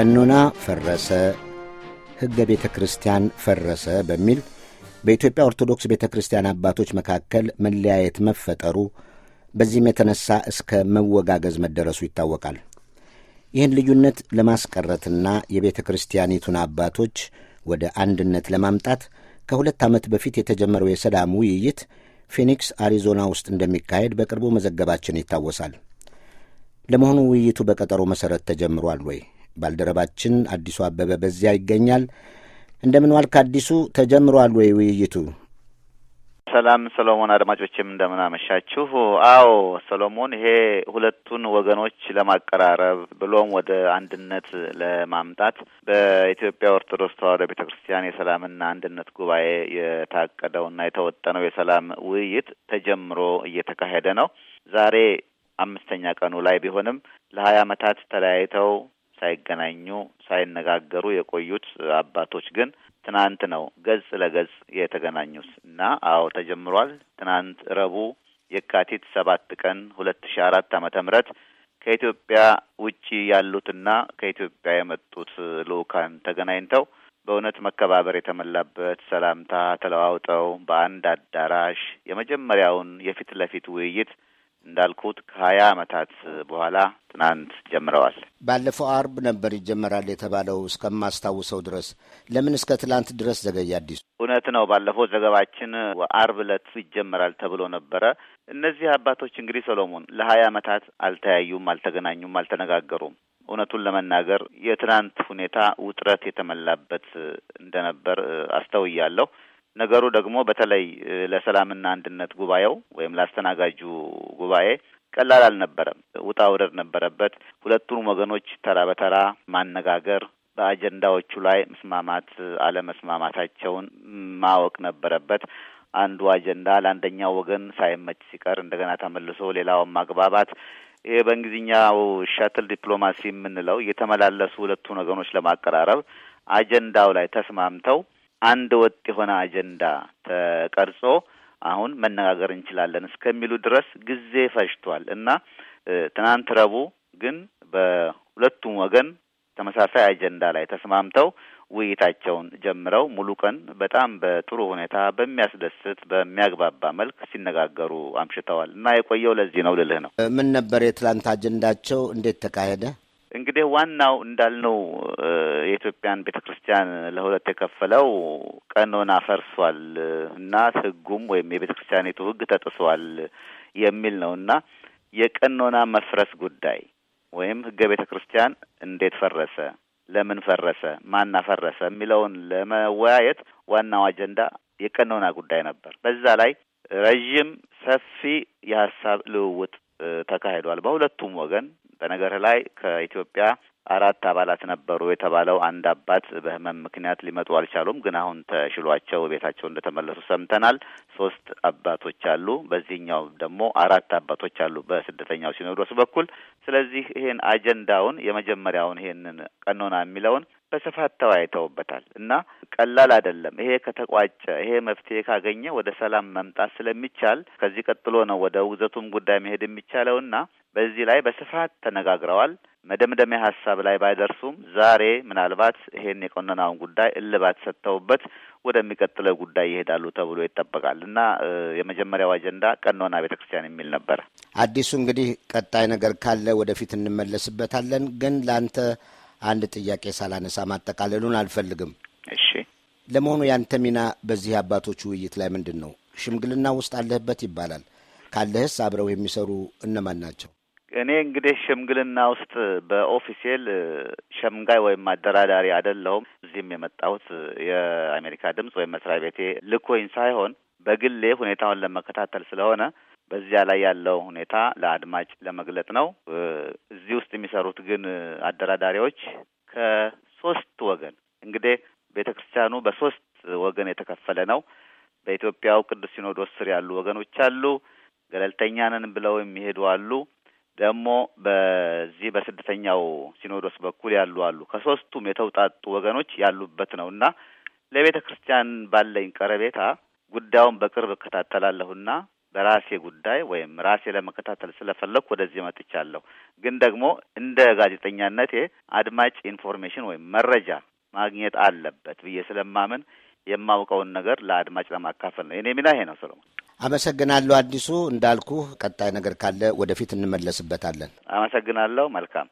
ቀኖና ፈረሰ፣ ሕገ ቤተ ክርስቲያን ፈረሰ በሚል በኢትዮጵያ ኦርቶዶክስ ቤተ ክርስቲያን አባቶች መካከል መለያየት መፈጠሩ በዚህም የተነሳ እስከ መወጋገዝ መደረሱ ይታወቃል። ይህን ልዩነት ለማስቀረትና የቤተ ክርስቲያኒቱን አባቶች ወደ አንድነት ለማምጣት ከሁለት ዓመት በፊት የተጀመረው የሰላም ውይይት ፊኒክስ አሪዞና ውስጥ እንደሚካሄድ በቅርቡ መዘገባችን ይታወሳል። ለመሆኑ ውይይቱ በቀጠሮ መሠረት ተጀምሯል ወይ? ባልደረባችን አዲሱ አበበ በዚያ ይገኛል። እንደምን ዋልክ አዲሱ? ተጀምሯል ወይ ውይይቱ? ሰላም ሰሎሞን፣ አድማጮችም እንደምን አመሻችሁ። አዎ ሰሎሞን፣ ይሄ ሁለቱን ወገኖች ለማቀራረብ ብሎም ወደ አንድነት ለማምጣት በኢትዮጵያ ኦርቶዶክስ ተዋሕዶ ቤተ ክርስቲያን የሰላምና አንድነት ጉባኤ የታቀደውና የተወጠነው የሰላም ውይይት ተጀምሮ እየተካሄደ ነው ዛሬ አምስተኛ ቀኑ ላይ ቢሆንም ለሀያ ዓመታት ተለያይተው ሳይገናኙ ሳይነጋገሩ የቆዩት አባቶች ግን ትናንት ነው ገጽ ለገጽ የተገናኙት እና አዎ ተጀምሯል። ትናንት ረቡዕ የካቲት ሰባት ቀን ሁለት ሺ አራት ዓመተ ምህረት ከኢትዮጵያ ውጪ ያሉትና ከኢትዮጵያ የመጡት ልኡካን ተገናኝተው በእውነት መከባበር የተሞላበት ሰላምታ ተለዋውጠው በአንድ አዳራሽ የመጀመሪያውን የፊት ለፊት ውይይት እንዳልኩት ከሀያ አመታት በኋላ ትናንት ጀምረዋል። ባለፈው አርብ ነበር ይጀመራል የተባለው እስከማስታውሰው ድረስ ለምን እስከ ትላንት ድረስ ዘገየ? አዲሱ እውነት ነው። ባለፈው ዘገባችን አርብ ለት ይጀመራል ተብሎ ነበረ። እነዚህ አባቶች እንግዲህ ሰሎሞን ለሀያ ዓመታት አልተያዩም፣ አልተገናኙም፣ አልተነጋገሩም። እውነቱን ለመናገር የትናንት ሁኔታ ውጥረት የተመላበት እንደነበር አስተውያለሁ። ነገሩ ደግሞ በተለይ ለሰላምና አንድነት ጉባኤው ወይም ላስተናጋጁ ጉባኤ ቀላል አልነበረም። ውጣ ውረድ ነበረበት። ሁለቱን ወገኖች ተራ በተራ ማነጋገር፣ በአጀንዳዎቹ ላይ መስማማት አለመስማማታቸውን ማወቅ ነበረበት። አንዱ አጀንዳ ለአንደኛው ወገን ሳይመች ሲቀር እንደገና ተመልሶ ሌላውን ማግባባት ይሄ በእንግሊዝኛው ሸትል ዲፕሎማሲ የምንለው እየተመላለሱ ሁለቱን ወገኖች ለማቀራረብ አጀንዳው ላይ ተስማምተው አንድ ወጥ የሆነ አጀንዳ ተቀርጾ አሁን መነጋገር እንችላለን እስከሚሉ ድረስ ጊዜ ፈጅቷል እና ትናንት ረቡዕ ግን በሁለቱም ወገን ተመሳሳይ አጀንዳ ላይ ተስማምተው ውይይታቸውን ጀምረው ሙሉ ቀን በጣም በጥሩ ሁኔታ በሚያስደስት በሚያግባባ መልክ ሲነጋገሩ አምሽተዋል እና የቆየው ለዚህ ነው ልልህ ነው። ምን ነበር የትላንት አጀንዳቸው? እንዴት ተካሄደ? እንግዲህ ዋናው እንዳልነው የኢትዮጵያን ቤተ ክርስቲያን ለሁለት የከፈለው ቀኖና ፈርሷል እና ሕጉም ወይም የቤተ ክርስቲያኒቱ ሕግ ተጥሷል የሚል ነው እና የቀኖና መፍረስ ጉዳይ ወይም ሕገ ቤተ ክርስቲያን እንዴት ፈረሰ፣ ለምን ፈረሰ፣ ማና ፈረሰ የሚለውን ለመወያየት ዋናው አጀንዳ የቀኖና ጉዳይ ነበር። በዛ ላይ ረዥም ሰፊ የሀሳብ ልውውጥ ተካሂዷል። በሁለቱም ወገን በነገርህ ላይ ከኢትዮጵያ አራት አባላት ነበሩ የተባለው አንድ አባት በህመም ምክንያት ሊመጡ አልቻሉም። ግን አሁን ተሽሏቸው ቤታቸው እንደተመለሱ ሰምተናል። ሶስት አባቶች አሉ። በዚህኛው ደግሞ አራት አባቶች አሉ በስደተኛው ሲኖዶስ በኩል። ስለዚህ ይሄን አጀንዳውን የመጀመሪያውን ይሄንን ቀኖና የሚለውን በስፋት ተወያይተውበታል እና ቀላል አይደለም። ይሄ ከተቋጨ ይሄ መፍትሄ ካገኘ ወደ ሰላም መምጣት ስለሚቻል ከዚህ ቀጥሎ ነው ወደ ውግዘቱም ጉዳይ መሄድ የሚቻለው እና በዚህ ላይ በስፋት ተነጋግረዋል። መደምደሚያ ሀሳብ ላይ ባይደርሱም ዛሬ ምናልባት ይሄን የቆነናውን ጉዳይ እልባት ሰጥተውበት ወደሚቀጥለው ጉዳይ ይሄዳሉ ተብሎ ይጠበቃል እና የመጀመሪያው አጀንዳ ቀኖና ቤተ ክርስቲያን የሚል ነበረ። አዲሱ እንግዲህ ቀጣይ ነገር ካለ ወደፊት እንመለስበታለን። ግን ለአንተ አንድ ጥያቄ ሳላነሳ ማጠቃለሉን አልፈልግም። እሺ፣ ለመሆኑ ያንተ ሚና በዚህ አባቶች ውይይት ላይ ምንድን ነው? ሽምግልና ውስጥ አለህበት ይባላል። ካለህስ አብረው የሚሰሩ እነማን ናቸው? እኔ እንግዲህ ሽምግልና ውስጥ በኦፊሴል ሸምጋይ ወይም አደራዳሪ አይደለሁም። እዚህም የመጣሁት የአሜሪካ ድምፅ ወይም መስሪያ ቤቴ ልኮኝ ሳይሆን በግሌ ሁኔታውን ለመከታተል ስለሆነ በዚያ ላይ ያለው ሁኔታ ለአድማጭ ለመግለጥ ነው። የሚሰሩት ግን አደራዳሪዎች ከሶስት ወገን እንግዲህ ቤተ ክርስቲያኑ በሶስት ወገን የተከፈለ ነው። በኢትዮጵያው ቅዱስ ሲኖዶስ ስር ያሉ ወገኖች አሉ። ገለልተኛ ነን ብለው የሚሄዱ አሉ። ደግሞ በዚህ በስደተኛው ሲኖዶስ በኩል ያሉ አሉ። ከሶስቱም የተውጣጡ ወገኖች ያሉበት ነው እና ለቤተ ክርስቲያን ባለኝ ቀረቤታ ጉዳዩን በቅርብ እከታተላለሁና በራሴ ጉዳይ ወይም ራሴ ለመከታተል ስለፈለግኩ ወደዚህ መጥቻለሁ። ግን ደግሞ እንደ ጋዜጠኛነቴ አድማጭ ኢንፎርሜሽን ወይም መረጃ ማግኘት አለበት ብዬ ስለማምን የማውቀውን ነገር ለአድማጭ ለማካፈል ነው እኔ ሚና ይሄ ነው። ሰለሞን አመሰግናለሁ። አዲሱ እንዳልኩ ቀጣይ ነገር ካለ ወደፊት እንመለስበታለን። አመሰግናለሁ። መልካም